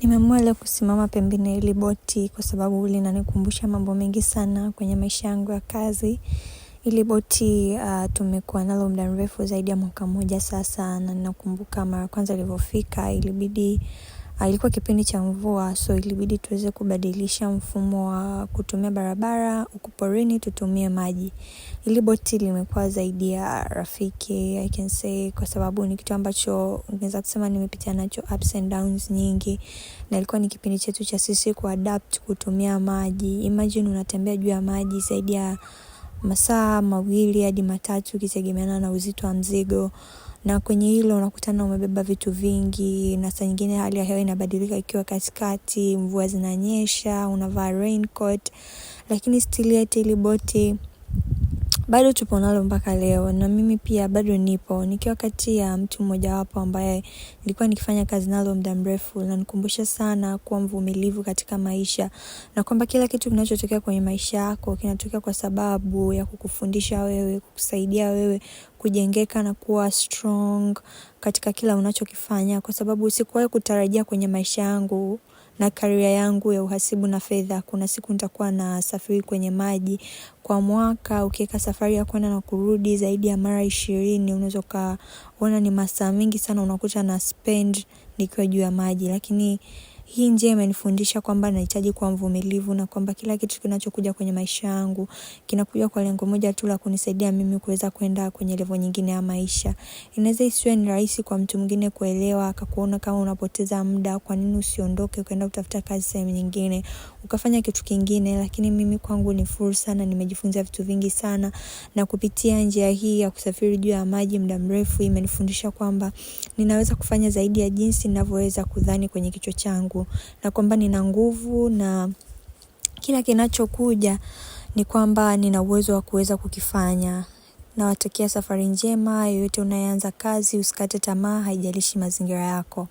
Nimeamua leo kusimama pembeni ya hili boti kwa sababu linanikumbusha mambo mengi sana kwenye maisha yangu ya kazi. Hili boti ah, tumekuwa nalo muda mrefu zaidi ya mwaka mmoja sasa na ninakumbuka mara kwanza ilivyofika ilibidi. Ah, ilikuwa kipindi cha mvua so ilibidi tuweze kubadilisha mfumo wa kutumia barabara, huku porini tutumie maji. Hili boti limekuwa zaidi ya rafiki I can say kwa sababu ni kitu ambacho naeza kusema nimepitia nacho ups and downs nyingi. Na ilikuwa ni kipindi chetu cha sisi kuadapt kutumia maji. Imagine unatembea juu ya maji zaidi ya masaa mawili hadi matatu ukitegemeana na uzito wa mzigo na kwenye hilo unakutana umebeba vitu vingi, na saa nyingine hali ya hewa inabadilika ikiwa katikati, mvua zinanyesha, unavaa raincoat, lakini still yote ili boti bado tupo nalo mpaka leo, na mimi pia bado nipo nikiwa kati ya mtu mmojawapo ambaye nilikuwa nikifanya kazi nalo muda mrefu. Inanikumbusha sana kuwa mvumilivu katika maisha na kwamba kila kitu kinachotokea kwenye maisha yako kinatokea kwa sababu ya kukufundisha wewe, kukusaidia wewe kujengeka na kuwa strong katika kila unachokifanya, kwa sababu sikuwahi kutarajia kwenye maisha yangu na karia yangu ya uhasibu na fedha. Kuna siku nitakuwa na safiri kwenye maji. Kwa mwaka ukiweka safari ya kuenda na kurudi zaidi ya mara ishirini unaweza ukaona ni masaa mingi sana unakuta na spend nikiwa juu ya maji lakini. Hii njia imenifundisha kwamba nahitaji kuwa mvumilivu na kwamba kila kitu kinachokuja kwenye maisha yangu, kinakuja kwa lengo moja tu la kunisaidia mimi kuweza kuenda kwenye levo nyingine ya maisha. inaweza isiwe ni rahisi kwa mtu mwingine kuelewa akakuona kama unapoteza muda kwa nini usiondoke ukaenda kutafuta kazi sehemu nyingine ukafanya kitu kingine, lakini mimi kwangu ni fursa na nimejifunza vitu vingi sana na kupitia njia hii ya kusafiri juu ya maji muda mrefu imenifundisha kwamba ninaweza kufanya zaidi ya jinsi ninavyoweza kudhani kwenye kichwa changu na kwamba nina nguvu na kila kinachokuja ni kwamba nina uwezo wa kuweza kukifanya. Nawatakia safari njema, yoyote unayeanza kazi, usikate tamaa, haijalishi mazingira yako.